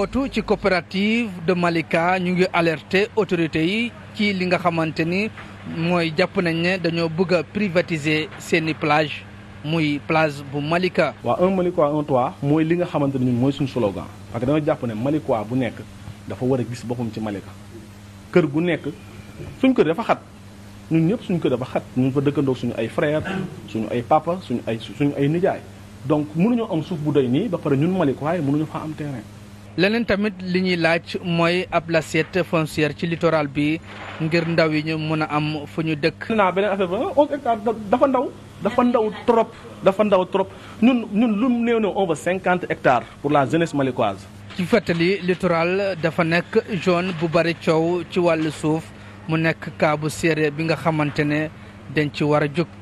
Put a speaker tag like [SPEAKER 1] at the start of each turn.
[SPEAKER 1] otu ci coopérative de Malika ñu ngi alerter autorités yi ci li nga xamante ni mooy jàpp nañ ne dañoo bëgg a privatiser seeni plage muy plage bu Malika.
[SPEAKER 2] waa un Malika un toit mooy li nga xamante ni mooy suñu slogan parce que dama jàpp ne Malika bu nekk dafa war a gis boppam ci Malika kër gu nekk suñ kër dafa xat ñun ñëpp suñ kër dafa xat ñun fa dëkkandoo suñu ay frère suñu ay papa suñu ay suñu ay nijaay donc mënuñoo am suuf bu doy nii ba pare ñun Malika waaye mënuñu faa am terrain.
[SPEAKER 1] leneen tamit li ñuy laaj mooy ab l'assiette foncière ci littoral bi ngir ndaw yi ñu
[SPEAKER 2] mun a am fu ñu dëkk. naa beneen affaire dafa ndaw dafa ndaw trop dafa ndaw trop ñun ñun lu mu néew ne on va cinquante hectares pour la jeunesse malickoise. ci fàttali littoral
[SPEAKER 1] dafa nekk zone bu bari coow ci wàllu suuf mu nekk cas bu bi nga xamante ne dañ ci war a jóg.